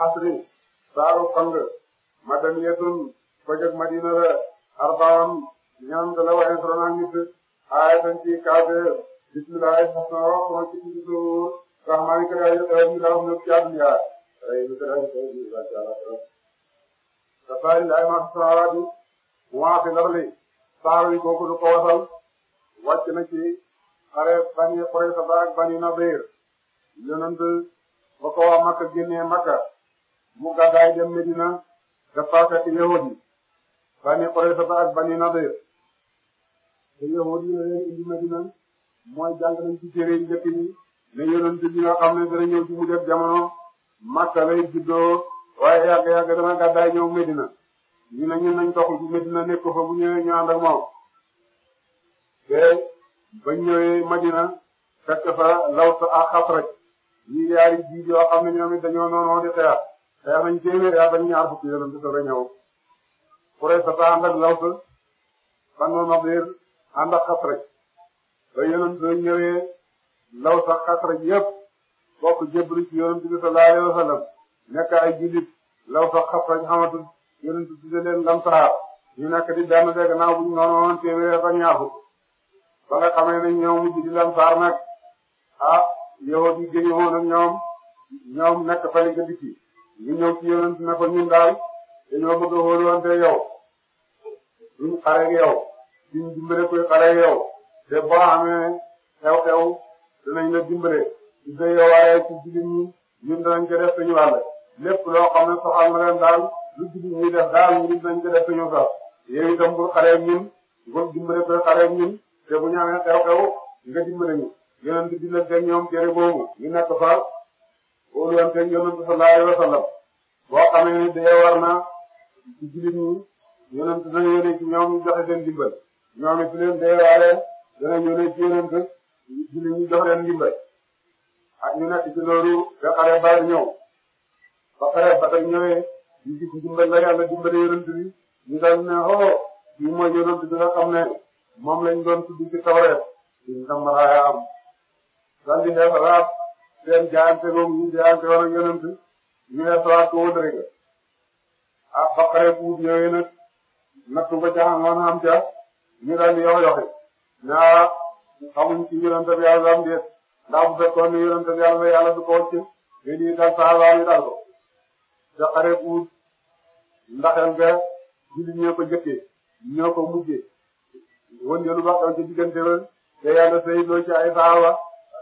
asri saaru pang madaniyatun fajag madina la arbaam ñant la wa introna nit ayatan ci kaafeer bismillahi hasna wa kono ci ci suur rahmani kare ayu kare mi rahmu nuk jaat mi larli saar wi kooku du ko na ci xare bani Qurayza ak bani Nadir yonent ba ko waa Makka Makka mu gàddaay dem Medina dafa fekk yahudi bani Qurayza ak bani Nadir te yahudi la leen indi Medina mooy nga xam ne dana ñëw ci mu def jamono Makka lay waaye yàgg yàgg dana gàddaay ñëw Medina ñu ne ñun nañ toxu ci Medina nekk fa bu ñëwee ñu ànd ak te bañ ñëwee Madina fekk fa Lawt ak Xasraj ñi yaari jiit yoo xam ne ñoom it noonu di xeex xeex nañ téeméer yaa bañ ñaar fukki yonent soog a ñëw Quraysh dafa ànd ak Laws Banu Nadir ànd ak Xasraj ba yonent ñëwee Laws Xasraj yëpp bokk jébbalu ci yonent bi sallallahu alayhi wa sallam nekk ay jullit Laws Xasraj xamatu yonent tudde leen Lamsaar ñu nekk di benn dégg naa bu ñu noonu woon téeméer fukk ba nga xamee ne ñoom mujj di Lamsaar nag ah yow di jege woon ak nekk fële nga dikki. ñu ñëw ci yonent ne ko ñun daal dañoo bëgg a wóolante yow duñ xare yow duñ dimbale koy xare yow te boo amee xew-xew danañ la dimbale su dee yow ci jigéen ñi ñun danañ ko def suñu lépp loo xam ne soxal na leen daal lu jigéen ñi def daal ñun dinañ ko def suñu sax yow itam bul ñun bul dimbale koy xare ñun te bu ñu amee xew-xew nga dimbale ñu yonent bi la gën ñoom kër boobu ñu nekk fa. óoluwanteeg yonent sallallahu alayhi wa sallam boo xamee ni dee war na ci jullit ñi yonent dana yónnee ci ñoom ñu joxe seen ndimbal ñoom it leen dee waale dana yónnee ci yonent jullit ñi jox leen ndimbal ak ñu nekk ci loolu ba xare ba ñëw ba xare ba tey ñëwee ñu gis ndimbal la yàlla dimbale yonent bi ñu daal ne oh fii mooy yonent bi nga xam ne moom lañ doon tudd ci tawreet ci sama raaya am daal di xeex seen jaayante moom ñu jaayante woon ak yonent ñu ne soit wut rek ah baqare buut yooyu nag nattu ca amoon am ca ñu daal di yox yoxi naa xamuñ ci yonent bi yàlla am ko wàcc dañuy dal saaba yi dal ko baqare buut ndaxel nga jullit ñoo ko jëkkee ñoo ko mujjee woon yoonu ba xew diggante ba te yàlla sayidoo ci ay saaba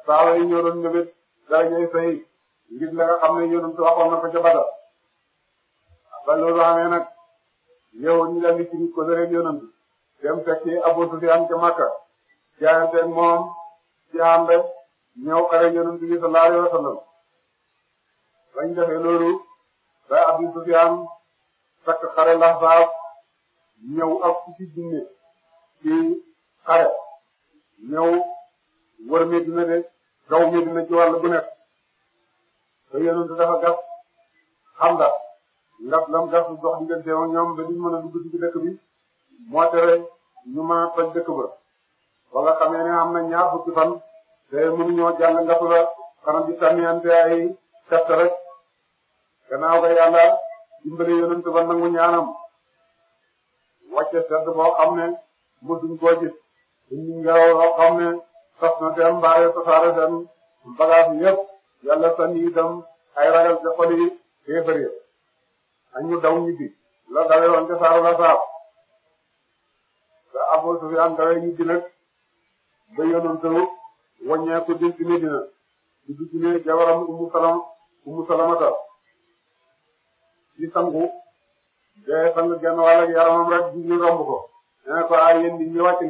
saaba yi ñoo darajay fay ngir la nga xam ne yonent waxoon na ko ca Badar loolu xamee nag yow ñu daal di ci ko deret yonent dem fekki Abu ca Makka jaayante ak moom ci ànd ñëw xare yonent bi sallallahu alayhi wa sallam bañ defee loolu ba Abu Sufyaan takk xare la saaf ñëw ak ci jinne ci xare ñëw wër Medina de kaw mi dina ci bu nekk te yonent dafa gas xam ndax ndax lam gas dox digganteem ak ñoom ba mën a dugg ci dëkk bi moo tere ñu mën a dëkk ba ba xamee ne am na ñaar fukki te mënuñoo jàng ngatu la di sànniyante ay kett rek gannaaw ga yàlla dimbale yonent ba nangu ñaanam wàcce sedd boo xam ne mësuñ koo gis te ñu xam ne sos na dem mbaare tasaare dem bagaas yëpp yàlla sànni itam ay ragal ca xol yi kéefar yi daw ñibbi la dawe ca saaru la saaf te Abu Sufyaan dawe ñibbi nag ba yonent wàññeeku dil ci Medina di jabaram Ummu Salamata ci sangu de sang genn wàll yaramam rek di romb ko nee ko ay yéen di ñëwaat ci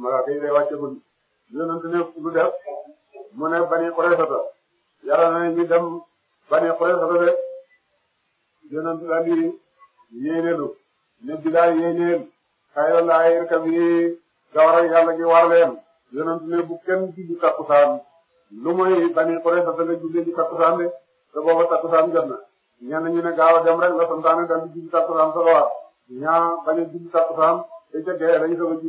malaaka yi day wàccagul yonent ne lu def mu ne bani Quraysata yàlla na ñu dem bani Quraysata de yonent daal di yéeneelu ne bilaay yéeneel xayra laa yarkab yi gawar ak gi war leen yonent bu kenn julli takkusaan lu mooy bani Quraysata nga julli ji takkusaan de te booba takkusaan jot na ñenn ñu ne a dem rek la santaane daal di julli takkusaan sa ñaa bañ a julli takkusaan te ca gee lañ soog a ji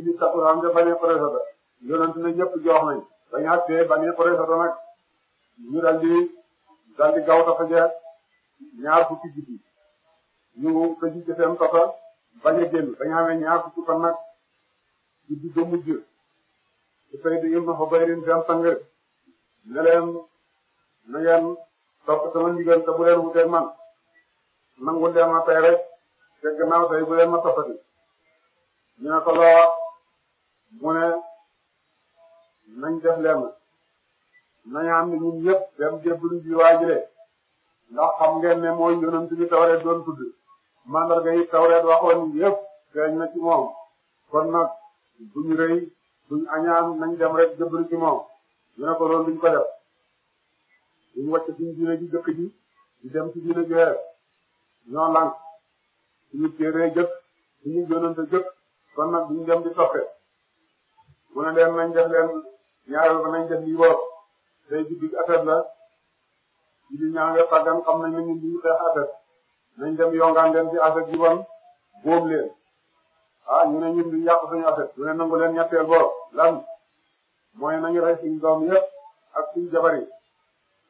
a na ñëpp joox nañ bañ a tee bañ a ñu dal di dal di gaw tafa ja ñaar fukki ñu ko ji ci seen bañ a génn bañ a amee ñaar fukki fan nag guddi ba di yëngu fa bayrin seen ne leen na ngeen topp sama ndigal te bu leen man nangu leen ma tey gannaaw tey bu ma toppati ñu ne ko loo mu ne nañ def lenn nañu am ñun ñëpp dem jébbalu ji waajile ndax xam ngeen ne mooy yonent bi tawreet doon tudd mandarga yi tawreet waxoon yëpp feeñ na ci moom kon nag duñu rëy duñu añaan nañ dem rek jébbalu ci moom ñu ne ko loolu duñ ko def duñ wàcc suñu diine ji jëkk ji di dem ci diine ji rek ñoo lànk suñu téere jëkk suñu yonent jëkk kon nag duñ dem di toppe mu ne leen nañ def leen ñaareel ba nañ def lii wóor tey jii bi affaire la li ñaa nga tàggan xam nañ ne ñun xeex affaire nañ dem yongaan leen ci affaire bi bon leen ah ñu ne ñun duñu yàq suñu affaire mu ne nangu leen ñetteel boor lan mooy nañu rey suñu doom yëpp ak suñu jabar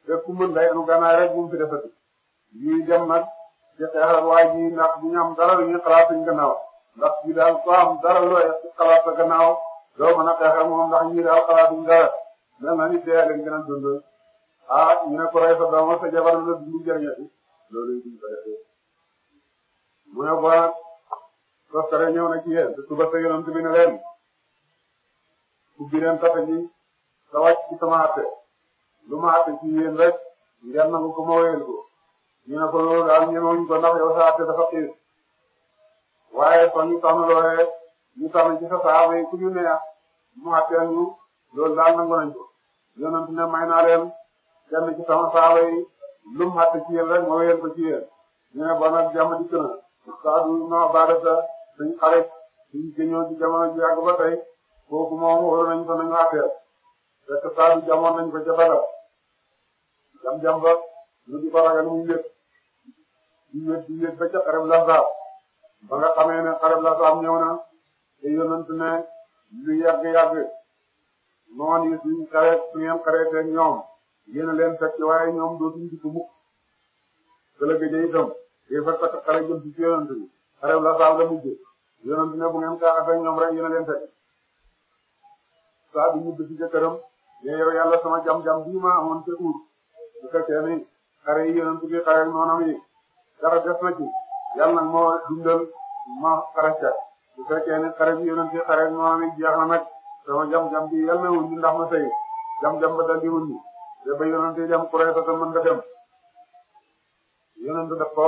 te ku mën day gannaay rek bu mu fi defati ñuy dem nag di xeexal waa ji ndax bu ñu am dara dañuy xalaat suñu gannaaw. ndax fii daal ko am dara looy xalaat sa gannaaw doo mën a xeexal moom ndax ñii daal xalaatuñ dara mel na ni dee lañ gën a dund ah ñu ne ko rey sa doom sa jabar la dund jëriñati loolu duñ ko defee mu ne ko soxare ah, ñëw na ci yéen te suba sa yonent bi ne leen ubbi leen tata ji sa wàcc ci sama àtte lu ma àtte ci yéen rek ngeen nangu ko ma wéyal ko ñu ne ko loolu daal ñemewuñ ko ndax yow sa àtte dafa xiis waaye kon ñu tànn loolee ñu tànn ci sa saaba ku ñu neex mu àtteel ñu loolu daal nangu nañ ko yonent ne may naa leen kenn ci sama saaba yi lu mu àtte ci yéen rek ma wéyal ko ci yéen ñu ne bon dikk na Saadu non Baadata suñ xarit suñ jëñoo ci jamono ji yàgg ba tey kooku moom wóor nañ ko nañu àtteel fekk Saadu jamoon nañ ko ca Badar jam jam ba lu di ko ragal muy wét di wét di wét ba ca ba nga xamee ne xarab la saam ñëw na te yonent ne lu noon yi suñ xare su ngeen xaree te ñoom yéen a leen fekk waaye ñoom dootuñ dikk mukk këlëg yi day itam fa takk xare jëm ci yonent bi xarab la saam la mujj yonent bu ngeen xaaxase ñoom rek yéen leen fekk saa bi ñu ci jëkkëram ne yow yàlla sama jam-jam bii ma amoon te uur bu fekkee ni xare yi noonam yi dara des na ci yàlla nag moo dundal moo xaraka bu fekkee ne xare bi yonente xare moo ne jeex na nag sama jam-jam bi yàlla na wuññi ndax ma sëy jam-jam ba daldi wuññi te ba yonente jam Qurayza te mën nga dem yonente daf ko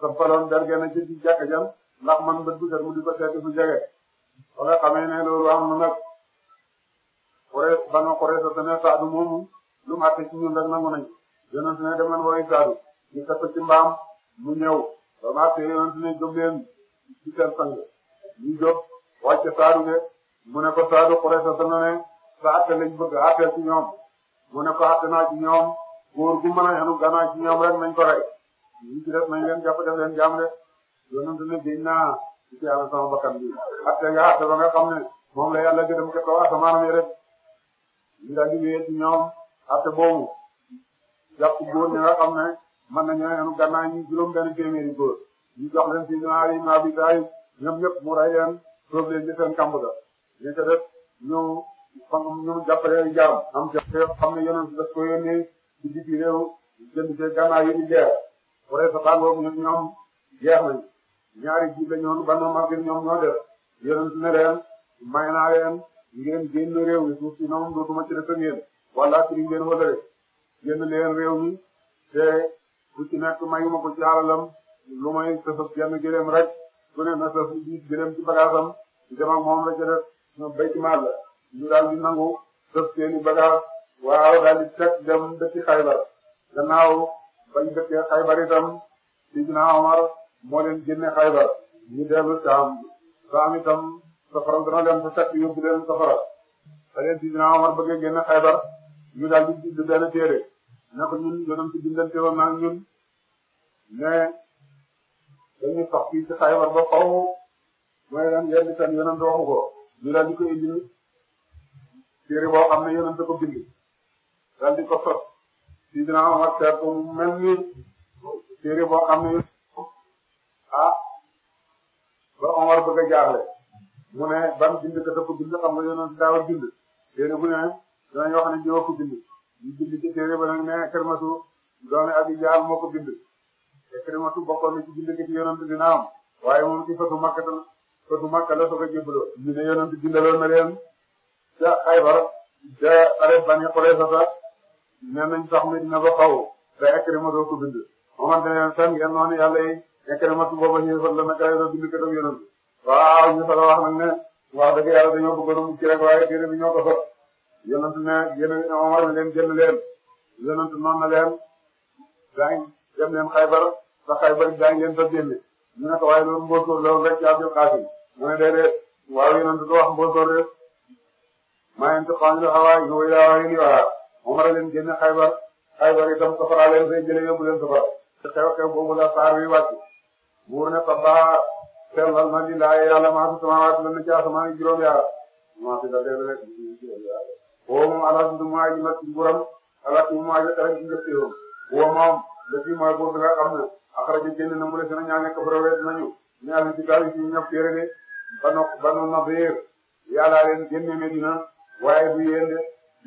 sampaloon derge na ci jàkka jam ndax man bët bu mu di ko fu jege ba nga loolu am na nag Qurayza banu Qurayza te ne Saadu moomu lu ma àtte ci ñun rek nangu nañ yonente ne dem leen woy Saadu ñu teg mbaam mu ñëw vraiment tey yéen a ngi leen gëm leen ci seen sang ñu jóg wàcce mu ne ko Saadu Quraysh dana ne sa àtte lañ bëgg a àtteel ci ñoom mu ne ko àtte naa ci ñoom góor gu mën a yanu gannaaw ci ñoom rek nañ ko rey ci def nañ leen jàpp def leen jaam de yonent ne génn naa ci yàlla sama bakkan bi àtte nga àtte ba nga xam ne moom la yàlla gërëm ca kaw asamaan yi rek ne. mën nañoo yanu gànnaay ñi juróom benn téeméeri góor ñu jox leen si ñaari Abi Taalib ñoom ñëpp mu rey leen soob leen ci seen kàmb ñu fan ñu jàppale jaram am ca xam ne yonent daf ko yónnee ci biti jënd see gànnaay yi di jeex waree sa tàngoor ñun ñoom jeex ñaari jiib la ñoon ban ñoom ñoo def yonent ne leen may naa leen ngeen génn réew mi si noonu dootuma ci def ngeen wala ci ngeen wëlale génn leen réew mi te ku ci nekk mayuma ko ci alalam lu may sësëf genn gëléem rek ku ne na sëf diis gëléem ci bagaasam di na bay ci maat la ñu daal di nangu sëf seeni bagaas waaw daal di teg dem dëkki Xaybar Xaybar itam Sidina Omar moo leen génne Xaybar ñu dellu Saam Saam itam safara dana leen fa fekk yóbbu leen safara te leen Sidina Omar bëggee génne Xaybar ñu daal na ko ñun yonent bi bindante woon naa ñun mais dañuy sox fii ci ba xaw mooy lan yenn waxu boo xam ne yonent ko bind ko sos si dinaa Omar seet ko mel ni téere boo xam ne ah ba Omar bëgg a jaarle mu ne ban bind ka dafa bind xam nga yonent daawa bind téere bu ne dinañ wax ne jiwa ko bind ñu bind ci téere ba nag nee na Ikrimatu doomi Abi Jahl moo ko bind Ikrimatu bokkoon na ci bind ci yonent bi naam waaye moom ci fatu Makka tam fatu Makka la soog a jébbaloo ñu ne yonent bindaloon na leen ca Xaybar ca arab Bani Qurayza nee sax mi dina ba xaw te Ikrimatu ko bind xamante ne tan ngeen noonu yàlla yi Ikrimatu booba xéefal la naka la bind ko tam yonent waaw ñu sala wax nag ne wax dëgg yàlla dañoo bëggoon a mucc rek waaye téere bi ñoo ko yonent ne yéen Omar ne leen jënd leen yonent noon na leen gaañ dem leen Xaybar sa Xaybar gaañ leen fa génne ñu ne ko waaye loolu mboosoor loolu rek ci Abdul Qasim mu ne déedéet waaw yonent du wax mboosoor rek maa yéen ci xaw ma xawaay ñu wéy laa waaye nii waa Omar leen génne Xaybar Xaybar itam safara leen fay jëlee yóbbu leen safara te xew-xew boobu la saar wi wàcc buur ne sabaa sellal na li laay yàlla maa fi sama waat la ne ci asamaan juróom yaara maa fi la dee rek woo moom alaatu mu aji ma ci nguuram alaatu mu aji dara ci njëkkeewam woo moom léegi mooy buur bi nga xam ne na mu ne si na ñaane kabara wet nañu ñu àll ci gaal ci ñëpp téere de banu banu Nadir yàllaa leen génne waaye bu yéen de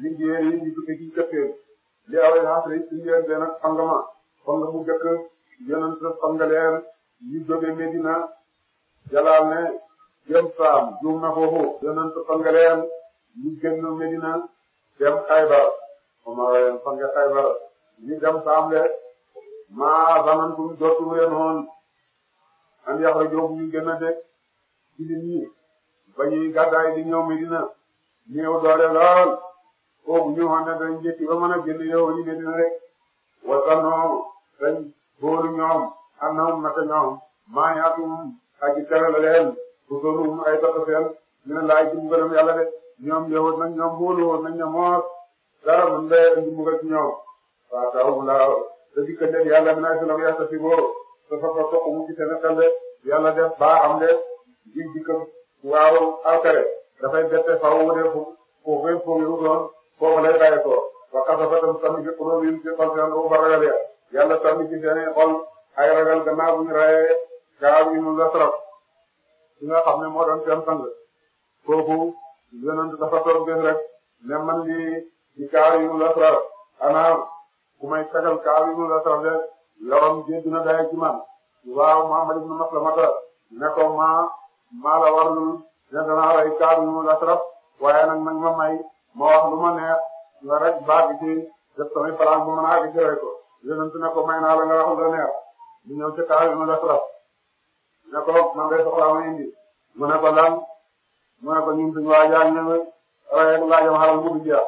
liggéeyal yi ñu tukkee li awee xasri ci yéen de nag fangama fanga bu jëkk yonent fanga leen ñu jóge Medina jëm saam juum foofu yonent fanga ñu génn Medina dem Xaybar Omar leen fanke Xaybar ñu dem Samle maa zanantum jotu leen woon an yaxraju bu ñu génn de ci ñi ba ñuy gàddaay di ñëw Medina néew doole lool ñu xam ne dañ ba mën génn yow ñu Medina rek wasanoo dañ boolu ñoom am na woon naka ñoom maa ñaatum aji teral leen su sonum ay takk seen ñu ne laay ci mbugalam yàlla de ñoom yow nag ñoom mboolu woon nañ ne moor dara mën nga indi mu rek ñëw waaw taw mu laaw te di ko def yàlla dinaa si la ko yàq si boobu te fa fa toq mu ci Sénégal de yàlla def ba am de di di ko waaw affaire dafay bette faaw mu def foofu rek foofu yu doon foofu lay bàyyi ko wax ka fa tam sànni ci kuréel yi ci xol seen ba ragal ya yàlla sànni ci seen i xol ay ragal gannaaw bu ñu rayee garab yi mu la trop ki nga xam ne moo doon seen sang kooku. yonent dafa toog bés rek ne man di di Kaabibu Lasrar ana ku may tagal Kaabibu Lasrar de yorom jéggi na daye ci man waaw Muhammad ibn Maslamata ne ko maa maa la warlu ne danaa rey Kaabibu Lasrar waaye nag nag ma may ma wax lu ma neex nga rek baag ci def samay plan bu ma naa di jëlee ko yonent ne ko may naa la nga wax lu neex ñu ñëw ci Kaabibu Lasrar ne ko man de soxlaa ma indi mu ne ko lan mu ne ko ñun suñu waa jaan ne waaye laajam xaral mu du jeex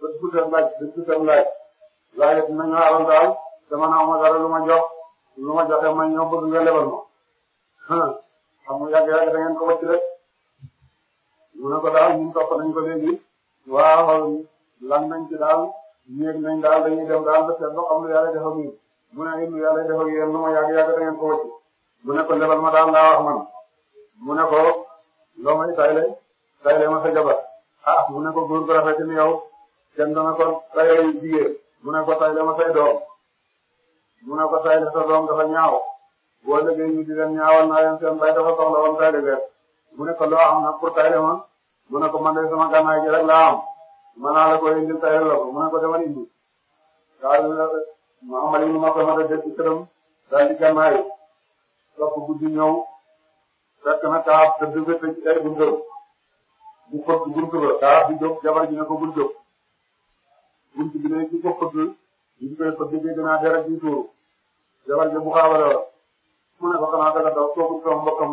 ba du seen laaj ba du seen laaj laaj it nañu xaral daal dama naaw ma dara lu ma jox lu ma joxe ma ñëw bëgg ma xam nga yàgg yàgg da ngeen ko wëcc rek mu ne ko daal ñun topp nañ ko léegi waaw lan nañ ci daal ñeeg nañ daal dañuy dem daal ba seetlu xam lu yàlla def ak ñun mu ne it lu yàlla def ak yéen lu ma yàgg yàgg da ngeen ko wëcc mu ne ko lebal ma daal laa wax man mu ne ko. loo may tayle tayle ma sa jabar ah mu ne ko góor gu rafet ni yow kenn ko tayle jigéen mu ne ko tayle ma say doom mu ne ko tayle sa doom dafa ñaaw boo déggee ñu di leen ñaawal naa leen seen bay dafa soxla woon tayle leen mu ne ko loo am nag pour tayle ma mu ne ko man de sama gànnaay gi rek laa am mën naa la ko indil tayle la ko mu ne ko demal indi daal mu amal yi mu ma ko ma def ci këram daal di gànnaay topp guddi ñëw fekk na kaaf dëgg nga tëj heure bu ngërëm bu fëgg buntu ba kaaf ji ne ko bul jóg buntu bi ne ci ko fëgg ñu ngi koy fëgg dégg naa dara ji tuuru jabar ji bu xaabale mu ne ko xanaa dara daw toogul mbokkam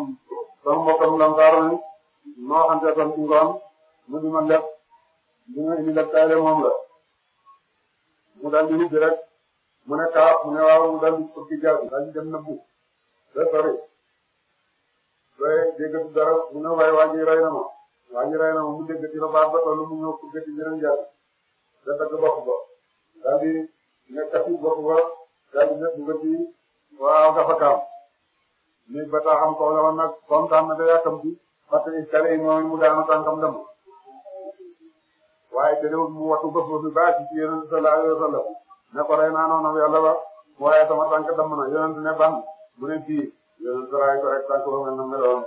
sama mbokkam lantaar ni ma waxante kon ci ngoon mu di man def li nga indi la mu daal di mu ne mu ne waaw mu daal di fëgg nëbbu ba sori waaye dégg dara mu ne waaye waa ji rey na ma waa ji na ma mu dégg ci la baat ba toll mu ñëw gëj ci yeneen jaay da dagg bopp ba daal di nekkati bopp ba daal di nekk nga ci waaw gafa kaam nit ba taa xam kaw la woon nag kontaan na te yàkkam ci parce que kale yi moom mu daanu tànkam dem waaye te réew mu wattu bopp bi baax ci yeneen sallallahu alayhi wasallam ne ko rey naa noonu yàlla ba waaye sama tànk damm na yeneen ne ban mu ne fii yéen saraay ko rek tànk ba mel na meloon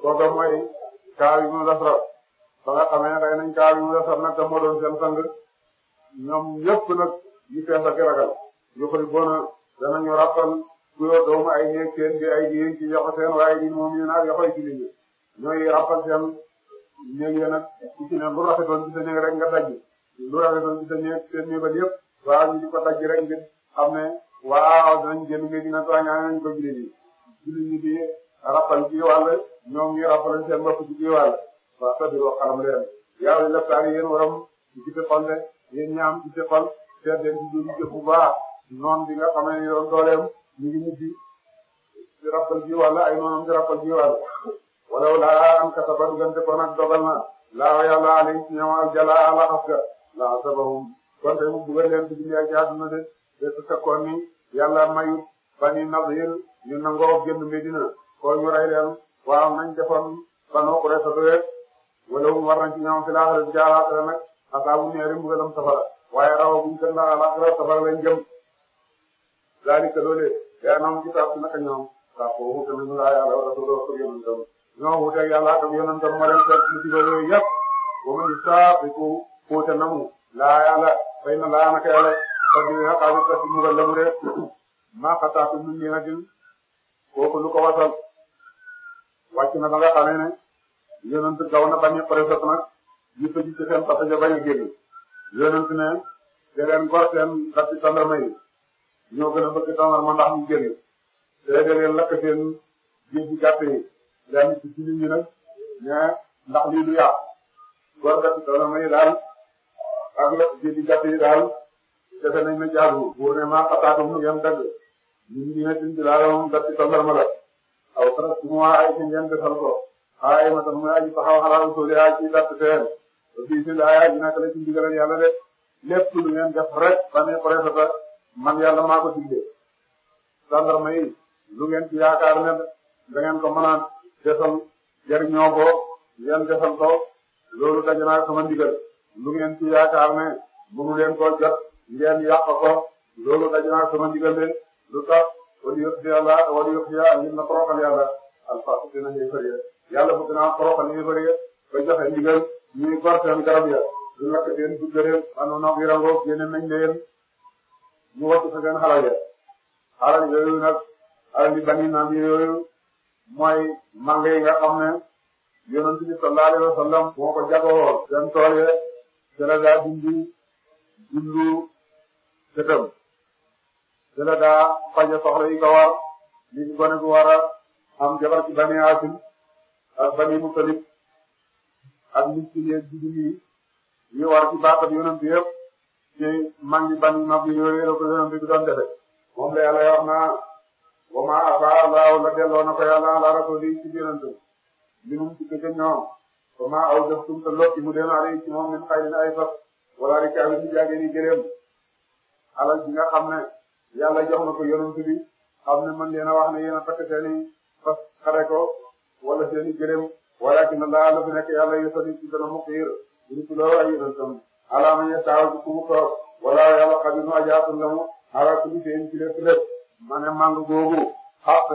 kooka mooy Kaab ibnu Lasrab ba nga xamee rey nañ Kaab ibnu Lasrab nag te moo doon seen sang ñoom ñëpp nag ñu fees ak ragal yu koy boona danañu ràppal kuyoo doomu ay néeg seen bi ay di ci yokk seen waaye di moom ñu naan yokoy ci li ñu ñooy ràppal seen néeg ya nag ci ne lu rafetoon ci sa néeg rek nga daj lu rafetoon ci sa néeg seen néeg yëpp waaw ñu di ko daj rek ngir xam ne waaw danañ génn ngir dina tooñaa nañ jullit ñi di rappal ci wàll ñoom ñuy rappal seen bopp ci biir wàll waaw sa biro xalam leen yàlla def taal yéen waram ci ci xol de yéen ñaam ci ci xol seet leen ci biir jëf noon bi nga xamee ni doon dooleem ñu ngi mujj rappal ci wàll ay noonam rappal ci wàll wala wala am kataba dugante ko nag dogal na laa yàlla alayhi ñoom ak jàll ala xasga laa sabahum kon tey mu bëgg leen di dindi ak jaadu na de de su fekkoon ni yàlla mayut bani nadir ñu nangoo génn Medina ko ñu rey leen waaw nañ defoon Banu Qurayza rek wala mu war nañ ci ñoom fi laaxira ci àllaxira nag asaabu neeri safara waaye rawaguñ kenn la safara lañ jëm zalika loole yaa na mu ci taaf naka ñoom saa ko wuute nañu laa yàlla wala soo doon yonentam ñoo wuuteeg yàlla ak yonentam moo leen seet ci ba yooyu mu ni saa ku wuute namu laa yàlla fay na laa naka yàlla parce que xaalis kat mbugal la mu rek maa xataatum min ni'matin kooku lu ko wasal wàcc na ba nga xamee ne yonent gaw na bañ a préfet nag ñu tëj ci seen parce que bañ a génn ne te gor seen datti tàndarma yi ñoo gën a bëgg tàndarma ndax mu génn te da lakk seen géej gi gàtt yi leen ci jullit ñi nag mais ndax lii gor datti tàndarma yi daal ak lakk géej gi gàtt yi daal defe nañ ne jaadu. bu ne maa xataatum yem dëgg. ñun ñu ne Tine Diallo moom gàtt tàmbali ma la aw xanaa su ma ay si ngeen defal ko ay ma tax ma ay taxaw xalaatu suul yaa ci gàtt seen fii si laa yaa dina kale ci ndigal yàlla de lépp lu ngeen def rek ba ne préfet man yàlla maa ko digle. gendarme yi lu ngeen ci yaakaar ne da ngeen ko mën a defal jariñoo ko ngeen defal ko loolu daje naa sama ndigal lu ngeen ci yaakaar ne mënu leen koo jot ngeen yàq ko loolu daje naa sama ndigal de. lu tax wala yëpp si yàlla wala yëpp si yàlla ngir na toroxal yàlla alfaas dina ñuy bëri yàlla bëgg naa toroxal ñuy bëri ba joxe ndigal ñuy gor seen garab ya ñu lakk seen dugub ren xanaa nag yëngu yeneen nañ leen ñu wattu sa seen xalal ya xalal yooyu nag xalal yi bani naam yooyu mooy mànga yi nga xam ne yonent bi sallallahu alayhi wa sallam moo ko jagoo seen tool ya jërëjëf dindi dundu setam. dina daa faj a soxla yi ko war li gone gu war am jabar ci bani Haasim ak bani Mutalib ak miskin yeeg jigéen yi yi war ci baatab yonent yëpp ci mangi bani mag yooyu la yonent bi doon defe moom la yàlla wax na wa ma aba allahu la delloo na ko ci yonent bi mu ci ko ñoom wa ma aw def tum te mu deen ale ci moom min xayrin ay fas wala rikabi ci jaage ni gëléem alal ji nga xam ne yàlla jox na ko yonent bi xam ne man leen a wax ne yéen a takk seen i fas xare ko wala seen i gërëm walakin laa la fi nekk yàlla yosali ci dana mukk yër rusuloo ay yonentam alaama ya taaw ci kumu toog wala yàlla xabiru ajaatun lamu ala kulli shay'in ci lépp lépp ma ne màng googu xaq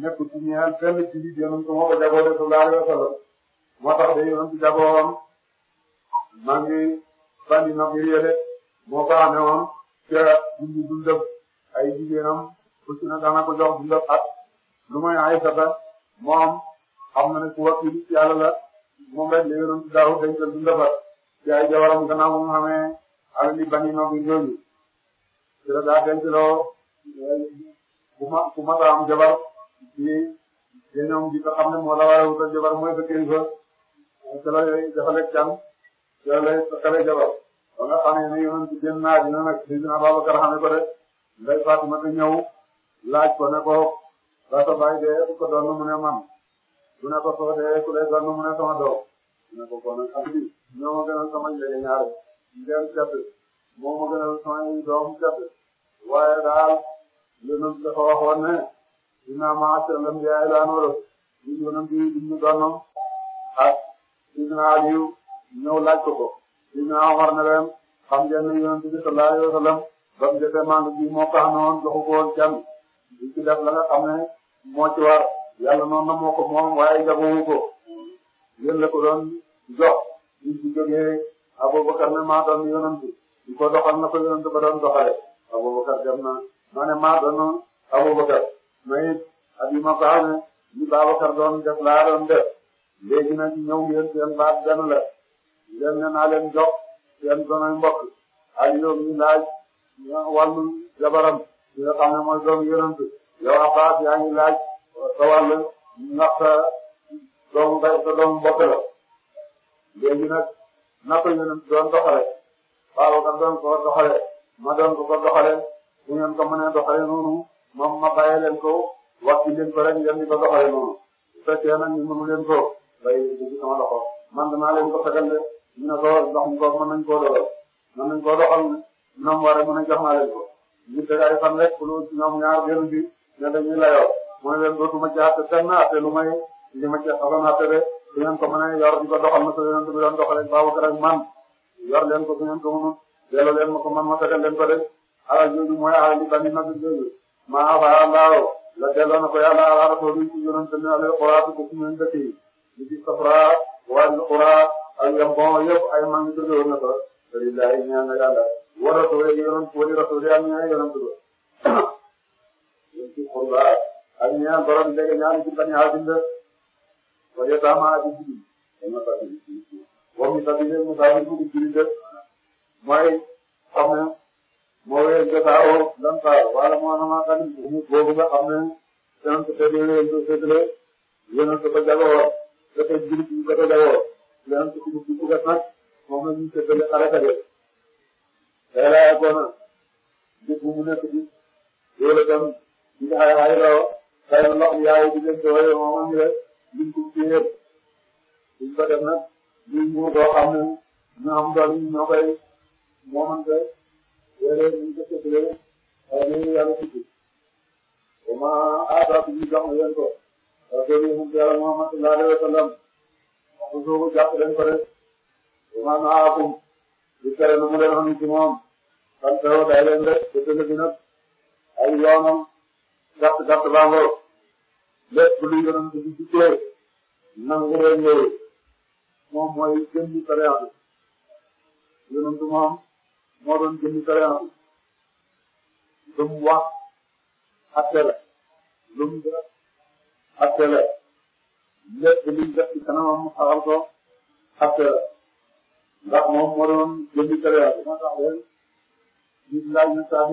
nekk ci ñeel fenn ci li yonent moo ko jagoo de sallallahu alayhi wa sallam moo tax de yonent jagoo woon maa ngi bandi nag moo ko amee woon ca dundu ay jigéenam ku ci ne dana ko jox dundal at lu may Aysata moom xam na ne ku wakkil ci Yàlla la moom rek li yoroon ci daaw dañ ko dundal at ci ay jawaram gannaaw ma bi jooju ci daa denc loo ku ma ku jabar ci géñoom bi ko xam ne moo la war a jabar mooy sa kilifa ci la dafa lekk can ci la lay sa kale jabar ba nga xam ne ne yoroon ci génn naa dina nag dina Abubakar xame ko de nday Faatumata ñëw laaj ko ne ko ba sa dee ku ko doon mu ne man mu ne ko soo dee ku lay doon mu ne sama doom mu ne ko kon nag am bi ñoo ma gënal sama njëge ñaare njëriñ cat moo ma gënal sama doom cat waaye daal yonent dafa waxoon ne dinaa ma asalaam yaay laa noor ñu yonent yi ñu doon ak Sidina Aliyu ñëw laaj ko ko Sidina Omar ne leen xam ngeen ne yonent bi sallallahu ba mu defee mangu bi moo ko amee joxu ko woon kenn di def la nga xam ne war yàlla noonu na moo moom waaye jagowu ko yéen la doon jox di ci jógee Abubakar ne maa doon yonent di ko doxal na ko yonent ba doon doxale Abubakar dem na maa doon Abubakar mais it ak yi ma ko amee li doon def laa doon def léegi nag ñëw ngeen seen baat benn la leen ne naa leen jox seen donoy laaj wàllu jabaram ki nga xam ne mooy doomu yonent yow Abbas yaa ngi laaj sa wàll ndax sa doomu bay sa doomu bopp la léegi nag naka yonent doon doxale waaw nga doon ko ma doon ko ko doxale su ngeen ko mënee doxale noonu moom ma bàyyi ko wax ci leen ko rek ngeen ko doxale noonu su fekkee nag ñu mënu leen ko bay ci sama loxo man damaa leen ko fegal de ñu ne ko ndax ñu nañ koo doxal mën ñoom war a mën a jox naa leen ko. ñu dëgg fan rek pour ñoom ñaar gënu ji ne dañuy layoo mu ne leen a ci àtte fenn àtte lu may li ma ci xasoon àtte de su ngeen ko mën a yor di ko doxal na ko yonent bi doon doxalee Babacar ak man yor leen ko su ngeen ko mënul delloo leen ma ko man ma fexe leen ko de alal jooju mooy alal li bani nag jooju maa afaar o la delloo na ko yàlla ala rasul ci yonent bi alal xuraa bi ko su ngeen dëkk yi li ci safra wàllu xuraa ak yam bon yëpp ay man yu ko te di wala suul ak yéen a wala rafetlu ak ñaari yéen a tudd yéen ci xol ak ñaar borom léegi ñaari suuf ak ñaar bind wala taama ak jiw dañoo tax a jiw boobu ñu tax a jiw mu tax a jiw jiw de mooy xam ne moo wéyal jotaawu lan saa wala moo nama tamit boobu nga xam ne seen côté yéen a séddale yéen a soog a jagoo côté jiw bi ñu ko doon jagoo yéen a soog a jiw bu ko nag moom la ñuy séddale xarala tey laa yàggoon a gis bu mu nekk bi loolu itam li nga xam ne ay raw xëy na ndox mi yaa ngi diggante waaye moom am na luñ ko ci yëpp buñ ko def nag luñ mu boo xam ne ñu am doole ñu ñoo koy moomante yore ñu ko tëjee ak yéen a yàlla tudd vraiment aadama bi ñu jox ma leen ko parce que yéen a ngi yàlla Muhammad sallallahu alayhi wa sallam wax nga soo ko jàpp leen ko rek vraiment naa akum. di tere lu mu leen xam ci moom fan teewoo day leen de te bi nag ay yoonam gàtt gàtt bàngoo lépp lu yoonam di di teer nangu leen loolu moom mooy jëndi sariya bi yoonam du moo doon jëndi sariya bi lu mu wax atte la lu mu def atte kanamam mu xaral ko atte la ndax moom moo doon jëndi céréale bi ma tax leen na saa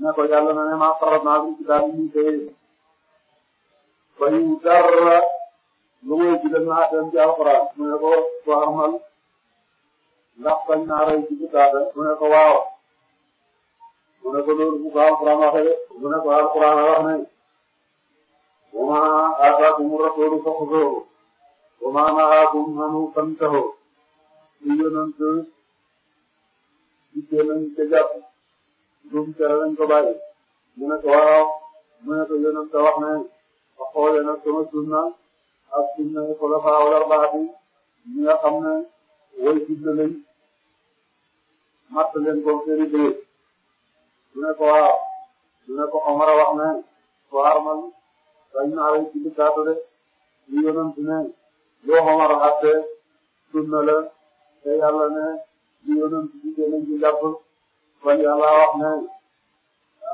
ne ko yàlla na ne maa faral naa fi ci daal di ñu koy dara lu muy jëlee naa dem ci alxuraan mu ne ko ko amal ndax bañ naa rey ci kitaaba mu ne ko waaw mu ne ko loolu bu ko alxuraan waxee mu ne ko alxuraan wax ne wa maa aataakumu rasuulu faxuzuuhu wa maa nahaakum anhu fantahu li yonent dikkee nañ ca jàpp lu mu tere nañ ko bàyyi mu ne ko waaw mu ne ko yonent ne fa xoolee nag sama sunna ak sunna xulafaa wal arbaati ñi nga xam ne way jublu lañ matt leen ko seeni bëyëg ne ko waaw mu ne ko Omar wax ne ko armal bañ naa rek ci dikkaatu de li yonent ne lu Omar atte sunna la te yàlla ne li yonent bi gën a jàpp kon yàlla wax ne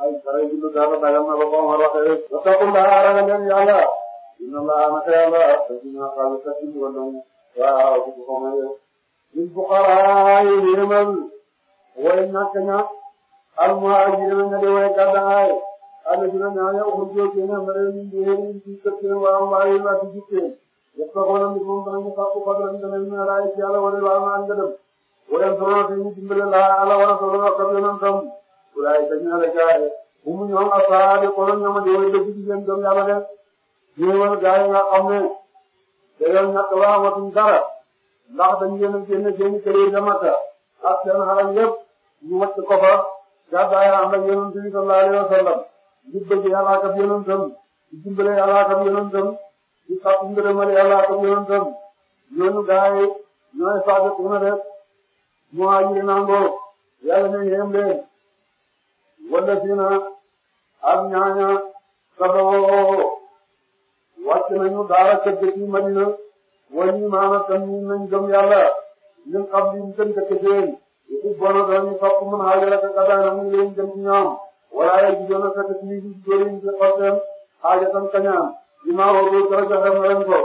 ay dara jullu dara dagal na ba ko Omar waxee rek wattaqullaha ragal leen yàlla inna allaha naka yàlla sakinaa xaalisatin wallum waaw bu ko maye lil fuqaraa yi yéemal way ñàkk ñàkk al muhaajiriina ña di way gàddaay alladina ñaa ya uxrijoo génne mbare yi di yéen ci kër seen waa mbaay yi laa ci jikkeen est ce que ko danañu danañu ne laay nga dem wala solo te ala wala la jaay bu mu ñoom asaare xoolal ñoom di wéy dëgg di leen doon yàlla de ñu wala a génne génn ci sàkku ngërëmal yàlla ak yonentam ñooñu gaay ñooy saadiquna def muhaajiriin àndoo yàlla ne yem leen wala fiina ak ñaaña sabawoo wàcc nañu daara kër gi ci Madina wàññi maanaam ñu nañ gëm yàlla ñu gën dëkk seen yëpp bon dañuy topp mën a ajara ka kadaan amuñ leen jëm ci ñoom wala ay jigéen ak ak nit yi góor yi kañaan bima warul dara a na leen ko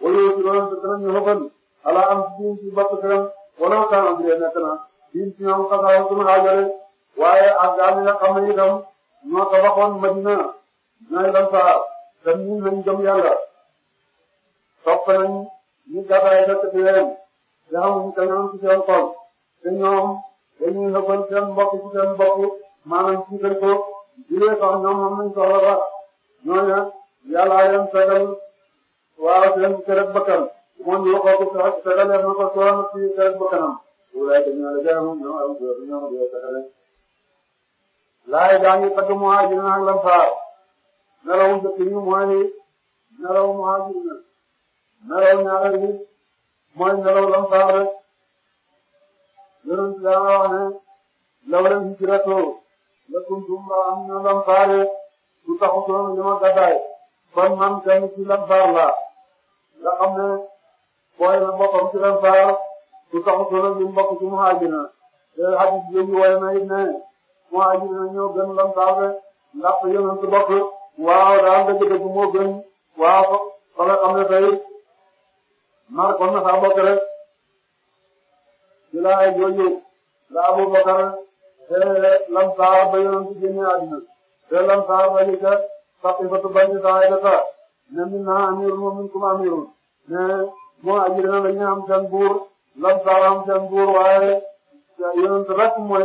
wala si loolu te danañ ñu xool ala am suuf si bàq këram wala kaanam bi de nekk na biñ si ñoom xasaaru suñu xaajale waaye ak gaal yi nga xam ne itam ñoo tabaxoon Madina ñooy lan saa te ñun lañ gëm yàlla topp nañ ñu gàddaay dëkk ci leen jaxamuñ te ñoom ci seen xol te ñoom dañuy xëppal seen mbokk ci seen mbokk maanaam ci kër ko di leen sax ñoom am nañ soxla ba ñooñu yàllaa leen fegal waaw seen kër bakkan moom ñu ko fegal leen na ko soxna si kër bakkanam. walaay dañu la gërëm ñoom am góor ñoom ñoo fexale. laay daa ngi tagg muhaajir ak lansaar nelawu njëkk yi mooy nelawu muhaajir na nelawu ñaareel yi mooy nelawu lansaar rek yonent daa wax ne law lam hijratu la kuntum ra'an lansaar du taxutoon li ma gàddaay kon man kenn ci Lamsar laa nga xam ne booy na boppam ci Lamsar su taxut woon ñu mbokk ci muhajirina te hadith bi ñu woy na it ne muhajirina ñoo gën Lamsar de ndax yonent bokk waaw daal dëgg-dëgg moo gën waaw fa nga xam ne tey mar kon na saa bokk rek ci laay jooju la Abu Bakar te Lamsar ba yonent génne àddina te Lamsar ba ñu Fatou Fatou Badji saa waay dafa ne naa amir moom mi ngi ko amirul mais bon ayib dana la ñu am seen buur lan saa am seen buur waaye yonent rek mooy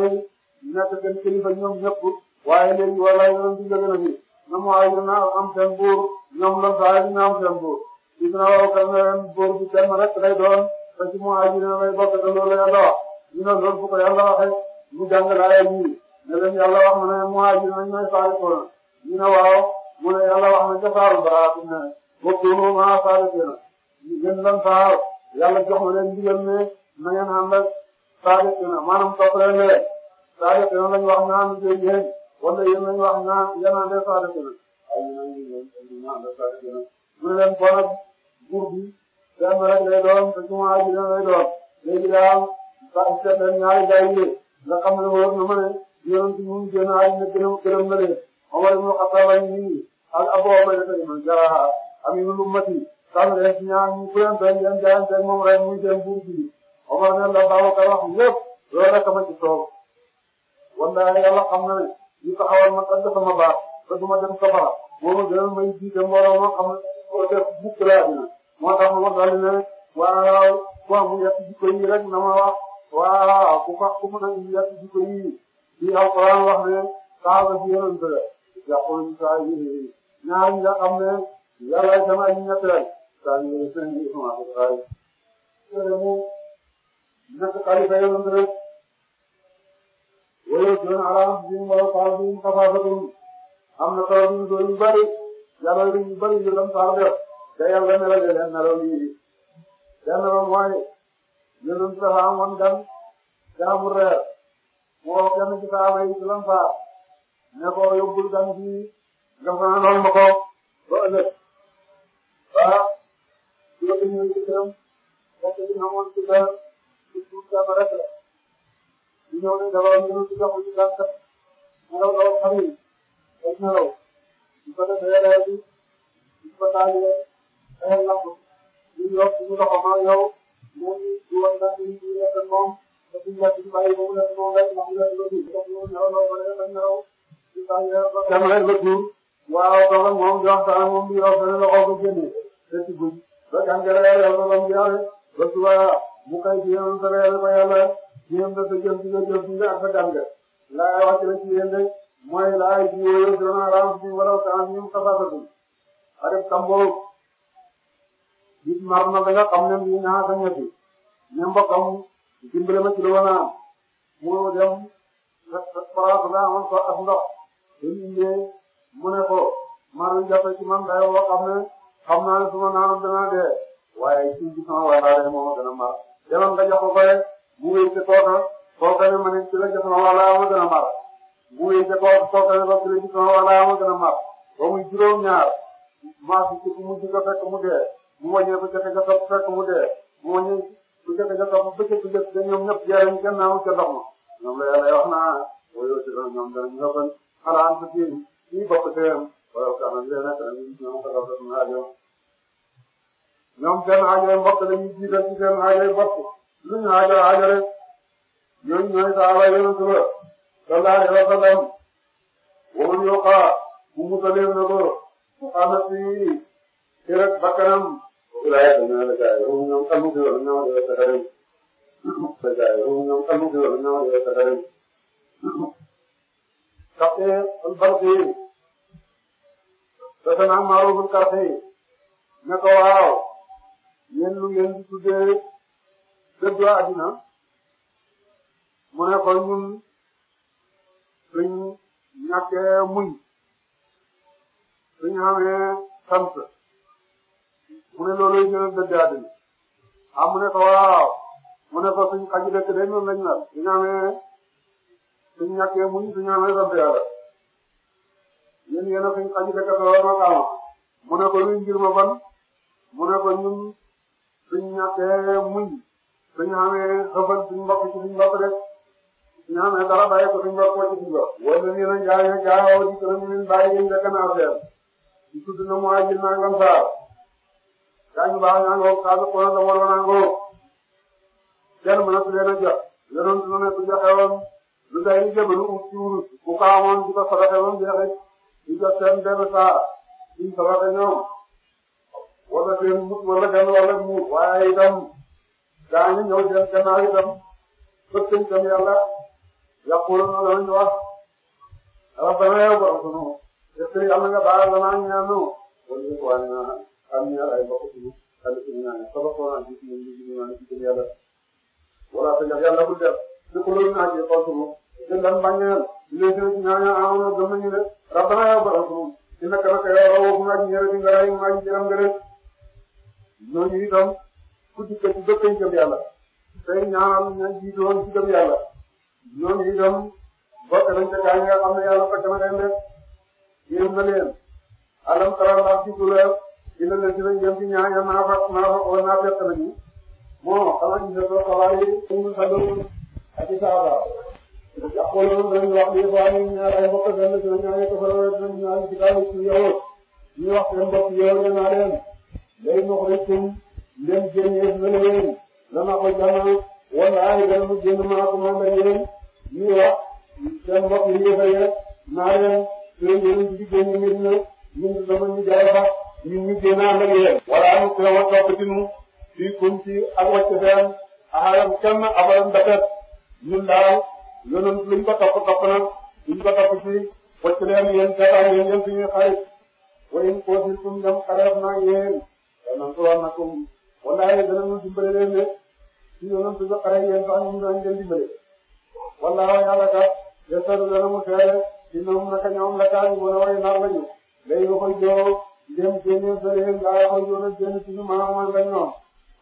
nekk seen kilifa ñoom ñëpp waaye léegi wala yonent bi jóge na fi na mu ayib am seen ñoom lan saa yi ñu am seen buur gis naa wala kan la leen bi kenn rek lay doon te ci moom ayib dana lay bokk te loolu yàlla wax ñu ne loolu bu ko yàlla waxee mu jàngal aaya yi ne leen yàlla wax ma ne moom ayib dana ñu may faale ko ñu ne waaw. mu ne yàlla wax na ca Saalum Baara ne bokkunu maa saadiqiina gën lan saa yàlla jox ma leen ndigal ne na ngeen ànd ak saadiqiina maanaam topp leen leen saadiqiina lañ wax naan seen yéen wala yéen lañ wax naan yéen ànd ak saadiqiina ay yéen ànd ak saadiqiina mu ne leen bon ak buur bi benn rek lay doon te suma aji leen lay doon léegi daal saa seet leen ñaari gaay yi nga xam ne wóor na ma ne yéen a ngi fi mu gën a aji ne gërëm gërëm na leen Omar ibn Khattab ak Abu Ubayda ibn Jarrah amirul ummati tam rek ñaar ñu gën benn yan jaayante ak moom rek muy dem buur bi Omar ne la Babacar wax lépp loolu rek ma ci toog wallaahi yàlla xam na ne li taxawal ma kat dafa ma baax te du ma dem safara boo ma gënal may jiite mbooloo moo xam ne def bukk laa dina moo tax ma daal di ne waaw ku am yàq jikko yi rek na ma wax waaw ku fa ku mën a yàq jikko yi di alquran wax ne saaba si yonent la yàquwul saa yi ñaar ñi nga xam ne yàlla itam ay ñett lañ. saa yi yéen seen i semence de travail. su dee mu nekk xalifa yonent rek. wala doon alaam bi mu war a faal bi mu xafaafatul am na taw bi mu doon yu bëri yàlla yu bëri yu doon faal def. te yàlla melal leen melal yi. leen melal mooy yonent dafa amoon gan jaamu reer. moo kenn ci saaba yi ci lan faal. ne ko yóbbul gan gi gàllankoor ma ko ba ëllëg ba su la ko ñëwee ci këram fekk bi nga xamante ne ci suuf saa ba rek la ñu ñëw ne dafa ñëw ci jox ko ci gàncax nelaw la woon xarit rek nelaw su ko defee reer bi su ko taalee reer la ko ñu yokk ñu loxo ma yow moom ñu war naa ñu ñu lekk moom te suñu lekk ñu bàyyi ba mu lekk moom rek ndax mu lekk loolu ñu jox ñu nelaw la ko rek nelaw. Jamra Louga waaw soxna moom di waxtaan moom di wax fële la ko jëndee te ci gudd ba gàncax gi yàlla ba mu jaare ba suba bu kay ci yéen sa réer ba yàlla ci yéen def sa jëm ci nga jëm ci nga ak sa gàncax laa wàcc na ci yéen de mooy laa ji yooyu doon aram ci wala saa ñu xabaatatu arab tamboo gis mar na da nga xam ne bii ñaata ñetti ne mbokkam dimbale ma ci la woon a am mu dem sa sa place la amoon fa ak ndox. bi mu ñëwee mu ne ko maa ngi jàpp ci man dayoo boo xam ne xam naa ne su ma naanam danaa dee waaye ci ci sama wàllaare moom a gën a mar demoon nga jox ko ko rek mu wéy ca kooka kooka ne ma ne ci la ci sama wàllaare ma gën a mar mu wéy ca kooka kooka ne ko ci la ci sama wàllaare ma gën a mar ba muy juróom-ñaar maa ngi ci mu ji ko fekk mu dee mu wàññee ko jafe jafe fekk mu dee mu wàññi ko jafe jafe bu bëccëg bëccëg ñoom ñëpp jaay ñu kenn naanu ca ndox ma ñoom la yàlla wax naa wóyoo ci ñoom danañ la maanaam su kii kii bokk ci yéen wala sama njëriñ la tamit ñoom dafa doon suñu rajo ñoom seen rajo mbokk lañuy jiital ci seen rajo bopp lu ñu rajo rajo rek ñooñu ñooy saaba yéen suba sallallahu alayhi wa sallam woon yoo xaa bu musalee na ko mu xaaral si kii rek bakkanam. waaye dañoo la jaay yow ñoom xamu si wala ñoom dafa sa xarit. la jaay yow ñoom xamu si wala ñoom dafa sa xarit. kafee albarqi defe naa maaruful kafee ne ko waaw yéen lu ngeen di tuddee dëddu àddina mu ne ko ñun suñ ñàkkee muñ suñ xamee sant mu ne loolu yi gën a dëddu àddina ah mu ne ko waaw mu ne ko suñ xaj dëkk day noonu lañ mel suñ xamee suñu ñàkkee muñ suñu amee sant yàlla ñun yéen a suñu xaj dëkk bi war na taamu mu ne ko luy ngir ma ban mu ne ko ñun suñu ñàkkee muñ suñu amee xëfal suñu mbokk ci suñu bopp rek suñu amee dara bàyyi ko suñu bopp ci suñu bopp. wala ñu ne jaay na jaayoo di ko ñu leen bàyyi ñu dëkk naa affaire di tudd na mu ajil nangam saa daañu baax naa ngoog saa su ko woon sa mbooloo naa ngoog kenn mën na su leen a jot yéen a ngi tudd ne ku joxe woon. lu day jëbalu ci wurus bu ko amoon di ko saraxe moom jeex rek di ko seen benn saa di saraxe ñoom wala seen mut wala gan mu waaye itam daañu ñëw seen gannaaw itam fekk itam yàlla yàqul na danañ wax rabbana yow borom sunu est ce yàlla nga baal la naa ñaan nu wala ñu ko wàññi naa am ñu ay mbokk suñu xale suñu naa ne sabab ko naa gis ñu ñu ñu naa ne ci yàlla wala te yàlla bul def di ko doon naaj bi xottu moom te daan baññeel ñu ne si ñaar ñaar amoon na gëm nañu ne rabbana yow ba rasul ci naka naka yow rawoo fu mu laaj ñëwee di nga rey mu laaj jëram nga def ñooñu itam ku ci kër ci bépp ay gëm yàlla tey ñaanal ña jiitu woon ci gëm yàlla ñooñu itam bokk nañ ca gaañ nga xam ne yàlla fekk na leen def yéen na leen alam tara ndax ci tuleer dina leen dina jëm ci ñaar ña naafaq naafaq wala naafaq nañu bon xanaa ñu ne ko xabaar ak i saaba yaqulun dañu wax li Ibrahim ñu ay mbokk benn ci ñoom ñoo ko faral di ñaan ci kaw ci yow ñu wax seen mbokk yow ñu naa leen lay nuxrikum leen génnees na leen dana ko jama wallaahi dana mu génn maa ko moom ak yéen ñu wax seen mbokk yi nga fay naa leen seen yéen ci génn mbir na ñun dama ñu jaay ba ñun ñu génn ànd ak yéen. wala ñu teewa topp ci nu fii kun ci ak wàcc fenn axalam kenn abalam dakat ñun daal yonent luñ ko topp topp na luñ ko topp ci wacc leen yéen seetaan yéen yéen suñuy xarit wa in qutiltum dem xareef naa yéen lanansurannakum wallaahi danañu dimbale leen de si yonent bi xare yéen sax ñun dañ leen dimbale wallaahi yàlla kat yasadu dana mu seere si ñoom naka ñoom la kaay wala way nar lañu léegi nga koy joo ndem génneel sa leen daa koy joo na génn suñu maanaam lañ ñoom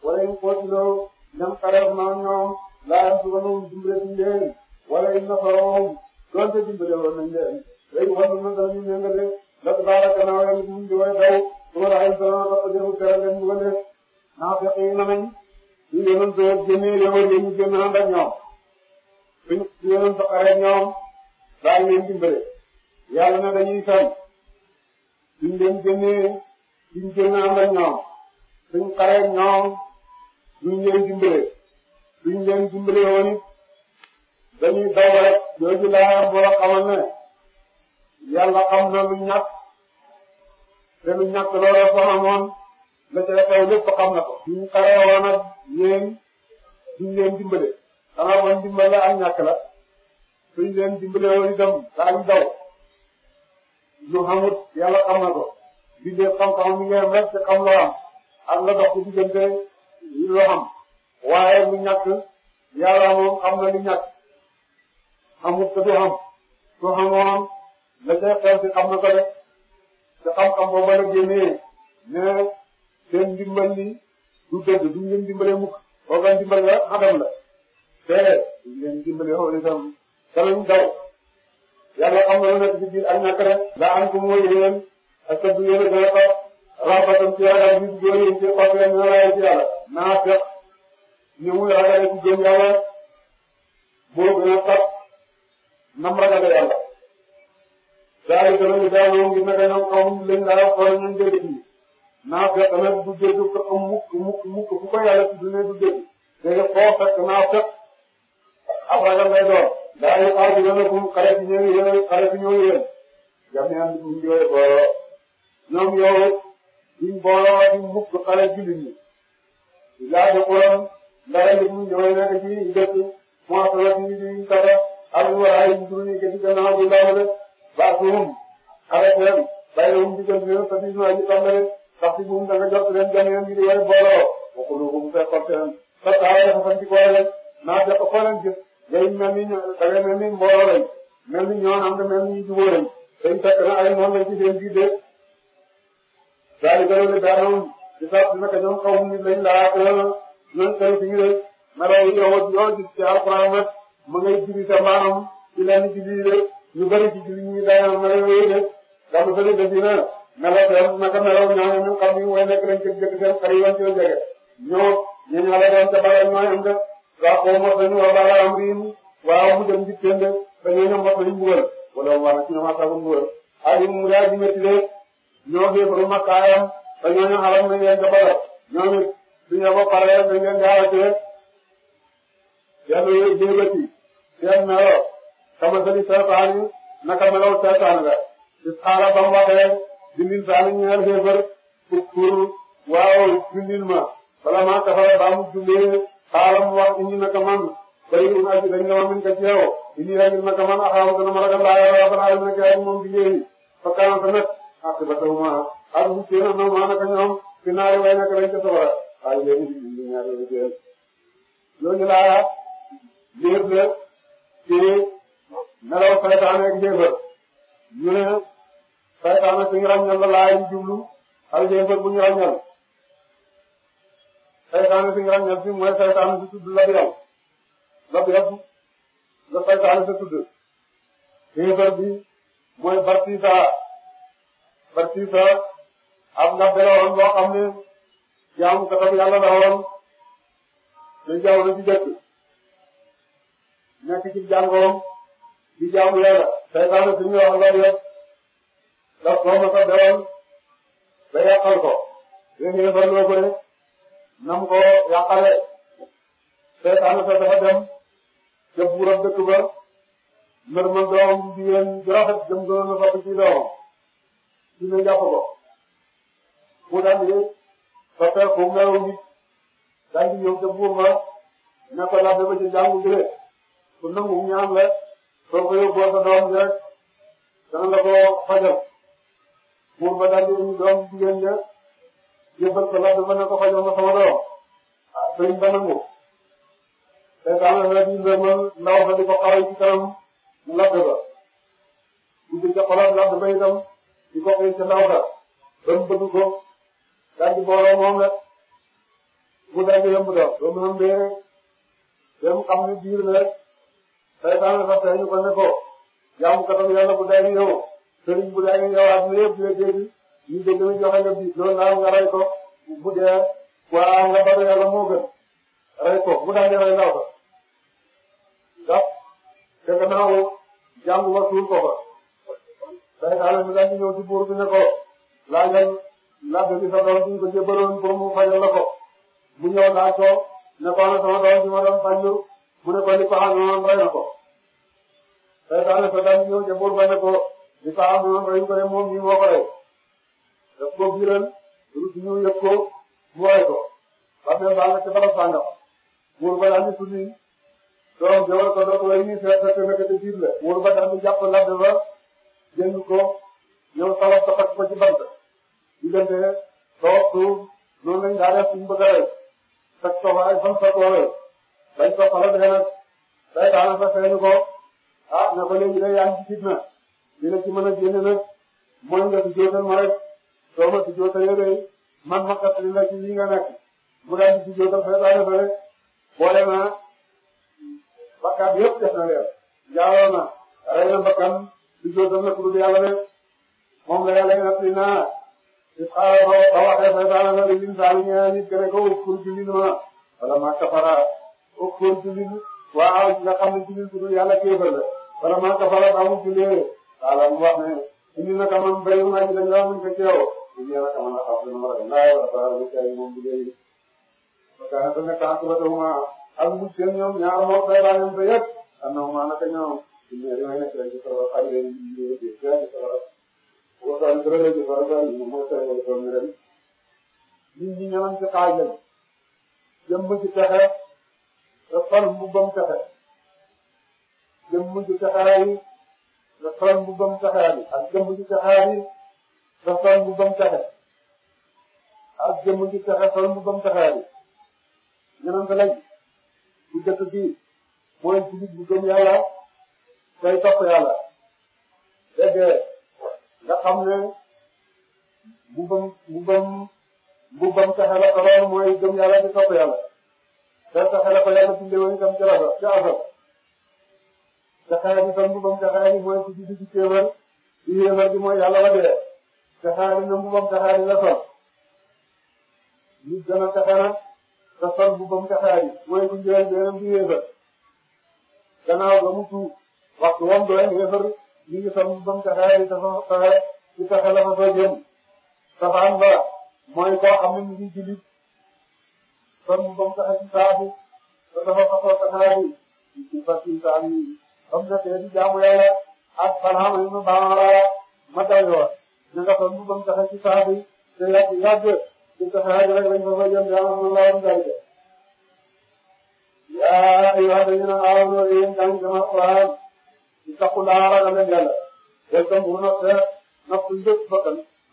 wala in qutiloo dem xareef naa ñoom laa subanahum dimbale nañ leen wala in nasarahum donte dimbale woon nañ leen léegi wàllu na danañu méngale ndax baara gannaaw yàlla buñ di way daw suba la ay sama ba jëru teral leen bu ko def naa fekk yi nañ su yéen a doon génnee yow it ñu génn ànd ak ñoom suñ su yéen a doxalee ak ñoom daal leen dimbale yàlla na dañuy fay suñ leen génnee suñ génn ànd ak ñoom suñ xaree ak ñoom duñ leen dimbale. suñ leen dimbali woon dañuy daw rek jooju laayam boo xamal ne yàlla xam na lu ñàkk te lu ñàkk loola fa amoon la ca xew lépp xam na ko suñ xaree woon ak yéen suñ leen dimbale xanaa kon dimbal la ak ñàkk la suñ leen dimbale woon itam daañu daw lu xamut yàlla xam na ko di dee xam-xam mi ngeen rek te xam loo am ak la dox ci diggante yi loo waaye lu ñàkk yàlla moom xam na lu ñàkk xamut ko du xam su xamoon la see xew si xam na ko rek te xam-xam boobu la génnee ne seen ndimbal li du dëgg duñ leen dimbalee mukk boobu la ndimbal la xadam la te duñ leen dimbalee xool itam danañ daw yàlla xam na lu nekk ci biir ak ñàkk rek la an ko mooy yéen a a ko rafatam ci na laay ci yàlla naa fekk ñu muy ragale ci jëm yàlla moo gën a tax nam ragale yàlla daal di gën a daal moom gis na dañoo xaw leen daal xool nañ dégg ci naa fekk nag du dégg ko am mukk mukk mukk fu ko yàlla ci dundee du dégg dégg foo fekk naa fekk ab ragal lay doon daal di xaar gën a kum xale bi ñëw yéen xale bi ñëw yéen jam ñaan ñu ngi koy booloo ñoom yow duñ booloo di mukk xale jullit ñi di laaj xolam dara yëpp ñëwee na ci njëkk mu wax la ci biir kàlla am lu war a ay jur yi gëstu gannaaw la baax na moom arrêté leen bàyyi leen diggante leen parce que ñu naan ñu tàmbalee parce que moom da nga jot leen gan yéen ñu di leen booloo waxuloo ko bu fekkoon seen parce que aay dafa fan ci koo leen naa fekk foo leen gis day mel ni ñu da ngay mel ni mbooloo lañ mel ni ñoo am te ñun tey fi ñu ne mala yoo yoo gis ci alxuraan nag ma ngay julli sa maanaam ci lenn julli de ñu bëri ci julli ñu daan mala yooyu de dafa bëri de dina mala doon naka melaw ñaare ñu xam ñu yi ñu ñaare doon ca mu dem ci kenn de te ñoo wala wala ci ñoom asaabu mbugal ay mu yaa di ñoo xeebaru makkaayam te ñoo ñu xalam nañ leen ca bi nga ko paree bi nga gaaw a teg yàlla yooyu jëngati seen meloo naka meloo seetaan la is xaala ba mu waxee bindil saani ñeel xéefar pour pour waaw ma bala maa kafara ba mu jullee mu wax indi naka bay un aji ma min ka ci naka man a ma ragal laa yor rabbal alamin ak moom bi yéen fa kaana ma ak bu teena na naka ñoom fi naari way naka ca sawara waaye yéen ñu ñaari yéen ñooñu laa yéen la ci nelaw saytaane ak yéefar ñu ne saytaane suñu ràññal la laa yi jublu ak yéefar bu ñu ràññal saytaane suñu ràññal fi mooy saytaane su tudd labiral labiral la saytaane sa tudd yéefar bi mooy bartiisa bartiisa am na beroon boo xam ne jaamu katam yàlla la woon te jaamu na ci dëkk nekk ci jàngoom di jaamu yàlla saytaane su ñuy wax loolu daf ko mos a ba yàqal ko yéen ñëpp a loo bëri nam ko yàqale saytaane sa dafa dem ca buurab dëkk ba ma doom bi yéen di rafet jëm gën a fàttali ci doomam ci ko mu daal parce que ku weeru nit daal di ñëw te buur ba ne ko laaj ba ci jàngu bi rek ku nangu la soo ko yóbboo sa doom bi rek dana la ko fajal buur ba daal di ñu doom jigéen ña yóbbal ko ba ne ko fajal ah, ba nangu te rek ñu demal ndaw sa di ko xaral ci kanam laaj ba bu dee ca xalaat laaj ba itam di ko xëy ca ndaw sa ba mu daj booloo moom la mu daj yomb dox ba mu am bee dem xam ne biir la saytaan la sax tey ñu ko ne ko jaamukatam yàlla bu daj yow sëriñ bu daj yow adduna yëpp la dégg ñu dégg ñu joxe nga bi loolu naaw nga rey ko bu dee waaw nga bari yàlla moo gën rey ko bu daj rey ndaw ko ndax te gannaaw jàngu ba tuur ko fa saytaan la ñu daj ñëw ci buur bi ne ko laajal laaj bi sa doom ko jébbaloon pour mu fayal la ko mu ñëw laaj ko ne ko ana sama doom bi ma doon fajlu mu ne ko li ko xam ne moom rey na ko. saytaane sa daan ñëw buur ba ne ko li ko xam ne moom reyu ko moo ko rey daf ko biiral lu ci yëpp mu rey ko. parce que baal na ca barab sàngam buur ba daal di tuddi doom war ko doog a rey nii fekk na ko te jiit buur ba daal di jàpp laaj ba jënd ko ñëw salop ko ko ci bant. diggante soo suuf noonu lañ daa def suñu bëgg a rey fekk ko waaye fan fekk ko rey bañ ko xala dee nag saytaana fa ko ah ne ko léegi day yaa ngi ci fitna dina ci mën a génne nag mooy nga ci jootal ma rek soo ma ci jootalee day man ma xetli la ci lii nga nekk mu daal di ci jootal saytaana fa rek boole naa bakkaat yëpp def na leen jaaloo na rey na bakkan ci jootal na ku na si xaaral ba ba waxee ba daanaka dañuy daal ñu naan it gën a ko ëppul jullit ma wala maa kafara ëppul jullit waaw nga xam ne jullit du yàlla kéefar la wala maa kafara ba mu jullee ala mu wax ne indi na ka man béyu ma ñu dañu laa mën ko teew indi na ka man xam ne ma la laay wala ba la cay moom bu dee parce que dafa nekk en tout cas ma ak bu seen ñoom ñaar moo koy baal ñoom ba yëpp am na mu maanaam ka ñoom indi na li may nekk rek di ko xaj leen di di di di di waxtaan bi rëdd yi faram-faram yi moo tëjee tool yi ren nit ñi ñëw nañ ci xaajal jëm mu ci texe te xol mu bëm texe jëm mu ci texaay yi te xol mu bëm texaay yi ak jëm mu ci texaay yi te xol mu bëm texe ak jëm mu ci texe xol mu bëm texaay yi ñeneen fa lañ bu jëkk bii mooy jullit bu gëm yàlla day topp yàlla dégg nga ne bu bam bu bam bu mooy gëm yàlla di topp yàlla te taxe la ko yàlla bindee woon itam ci rafa ci asal taxaari itam bu bam taxaari mooy mooy yàlla la dee taxaari na bu bam taxaari la sol nit dana taxana te sol bu bam taxaari mooy ku njëriñ beneen di yéefar gannaaw ba mu tuub waxtu wam doon yéefar ñu ngi toog ba mu taxawee dafa taxawee ci taxa la fa soo jëm safaan ba mooy koo xam ne ñu ngi jullit kon ba mu taxaw ci saabu te dafa fasoo taxawee ci fàttali saabu yi ba mu defee di jaamu yàlla ak salaam yi mu baamara ma taw yoon ñu nga toog ba mu taxaw ci saabu te yàgg yàgg ci taxawee rek lañ fa fa jëm yàlla na la woon jaay de. yaa ayyuhaa allaziina aamanu takku laa ragal leen yàlla del ko mbuur naf te naf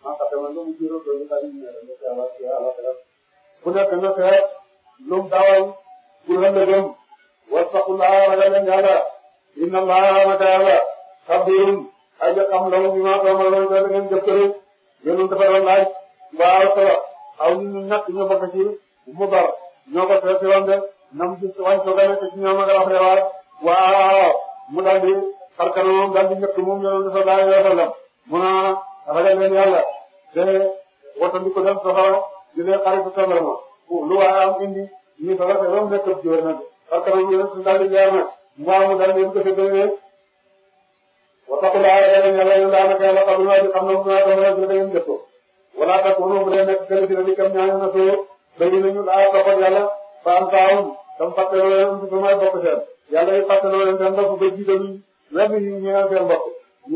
maa xam dama lu mu juróom doon sa ñu ñëw ne sa wàcc laa ragal leen laa naka yàlla xabirun aja xam la mu ma xam la mu ngeen jëf ko rek yéen dafa doon laaj mbaa solo aw ñu ñàkk ñu bokk ci mu bar ñoo ko fexe woon de nam gis wàññi ko gën a te ci ñoom ak waaw mu daal parce que moom daal di njëkk moom yonent sallallahu alayhi wa sallam mun a ragal leen yàlla te watandi ko dem soxla di leen xarit soxla ma lu waaye am indi ñu soxla te loolu nekk ci wér nag parce que moom yonent daal di jaar nag mu am daal di ko fekkee wattaqulaa yàlla yàlla yéen daanaka yàlla xam naa xam na mu naa doon rek da ngeen jëf ko wala takunu bu dee nekk kenn ci la di kam ñaari na soo dañu ne ñu laa toppal yàlla ba am taawum tam fàttaloo yéen ci sama bokk seen yàlla yi fàttaloo yéen seen bopp ba jiitaluñ même ñu ñëwal seen bopp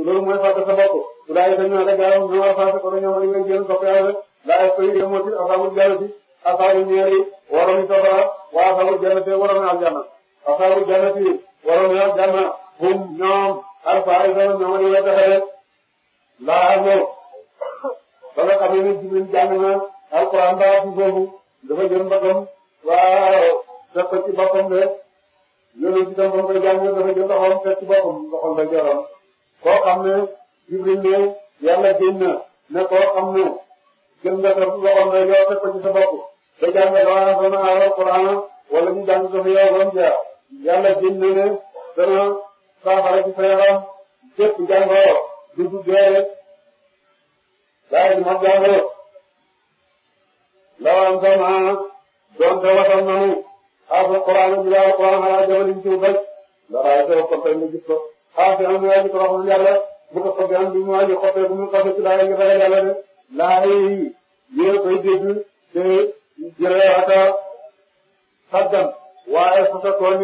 loolu mooy fàtte sa bopp daa yi dañu rek gaaw ñu war a fàtte ko dañoo ñu leen jël soxla rek daa yi koy yemoti asaabu jannati asaabu ñeeri waroon safara waa asaabu jannati waroon aljanna asaabu jannati waroon aljanna hum ñoom alfaay doon ñoom di la taxee laa ñëw ba nga xam ne Jibril jàng na alquran daa ci boobu dafa jël mbagam waaw def ko ci boppam de yonent itam ba mu koy jàng dafa jël koo xam ne Jibril ne yàlla génn ne koo xam ne jël nga def loxoom la yor teg ko ci sa bopp te jàng daanaka dana aaral Qur'an wala ñu jàng ko fi yow ba mu jaar yàlla génn na ne dana saafara ci sa yaram xaaral Qur'aan bi daal Qur'aan xalaat jafe-jafe ci lu bëri daal daal ko xëy na gis ko xaaral bi am na yaay ci toroxal yàlla bu ko xoolee am bi mu wàññi xotee bu mu xotee ci daal di defal yàlla de laaj yi yéen a koy dégg te jëlee waata waaye su fekkoon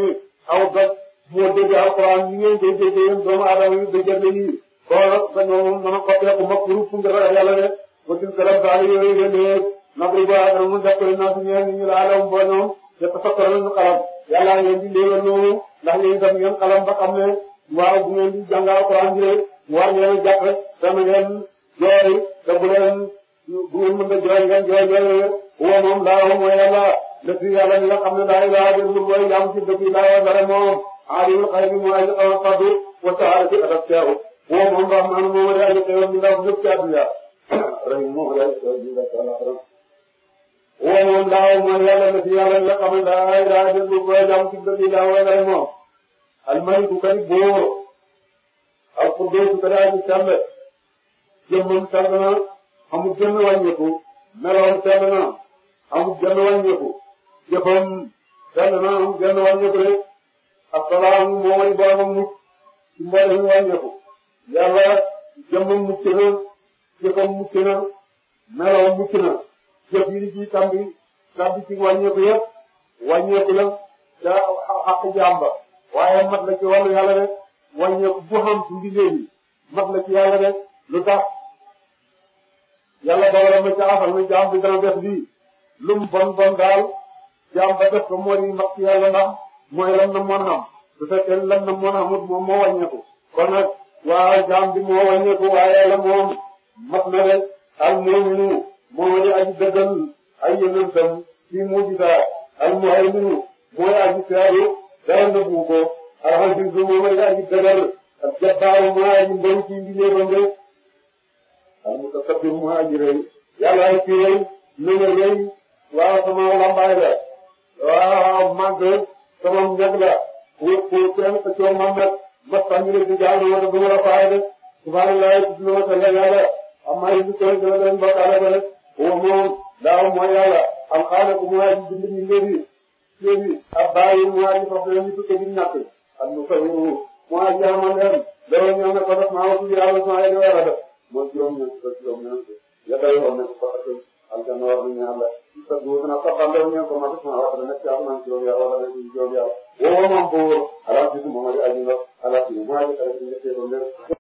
aw dëkk moo dégg Alxuraan ñu yi dégg nañ nii. kon nag man moom dama xotee ku mag pour pour defal yàlla de ba ci gërëm daal yooyu yéen de nag li baax na mu def ko ñu naan ñu ne ñu ne alal mbooloo. yëpp soxla xalam yàlla ngeen di léeral loolu ndax yéen itam ngeen xalam ba xam ne waaw ngeen di jàngal alxuraan bi rek war ngeen a jàpp te ngeen jooy te bu leen bu ngeen mën a jooy ngeen jooy jooy woo moom daaw mooy yàlla dëkk ne daay laa déglu mooy jàmm ci dëkk yi daay bare moom alimul xaybi mooy li xaw a faddu wa taala ci adab teeru woo moom rahmaan moom a daal di xewal waaw moom daaw mooy yàlla na ci yàlla nga xamal daa ay daa jël lu koy jàmm ci dëkk yi daa way day moom almaliku kay boo ak pour dootu ko daa ci sàmbe jëmmam sàmbe na amul jëmm wàññeeku meloom sàmbe na amul jëmm wàññeeku jëfam sàmbe na amul jëmm wàññeeku rek ak salaam moo way boromam mucc ci mboolem wàññeeku yàlla jëmmam mucc na jëfam mucc na meloom mucc na jëf yi di ci tàmbi tàmbi ci wàññeeku yëpp wàññeeku la ca àq jàmba waaye mat la ci wàllu yàlla rek wàññeeku bu xam ci mbindeef mat la ci yàlla rek lu tax yàlla dogaloon na ca afal na jaam bi def lii lum bon bon daal jaam def ko moo di mat ci yàlla ndax mooy lan na moon am su lan na moon moom moo wàññeeku kon nag waaw moo wàññeeku waaye yàlla moom mat na rek al mu'minu moo di aji dëggal ay yonentam fi mujizaat al muhayminu mooy aji seeru dara nëbbu ko al azizu moom mooy aji dëggal ak jabbaaru mooy aji mbéy ci mbindeefam rek al mutakabbir mooy aji rëy yàlla ay ci rëy mën a rëy waaw sama lambaay la waaw màgg sama njëg la pour pour seen sa coono ma mën ma xam ne si jàll wala du ma la faay rek subhanallah tudd na ma sa la yàlla am ay lu koy gën a leen bokkaale ko huwa moom daaw mooy yàlla alxaaliqu mu waa ji bind mbindeef yi mbindeef yi ab bàyyi mu waa ji fas leen ñu tukkee biñ ñàkk ak mu sawiru mu waa ji yàlla man leen loolu ñoo ne ko def maa wut yàlla su ma yee war a def mooy juróom ñeent ba juróom ñeent ya day wax ne ko ak aljanna war nañu yàlla sa góor na saxal leen ñeen ko ma def maa wax da nekk yàlla man juróom yàlla wala nekk juróom yàlla woo moom bu alaati moom ay aji ndox alaati mu waa ji xale bi ñu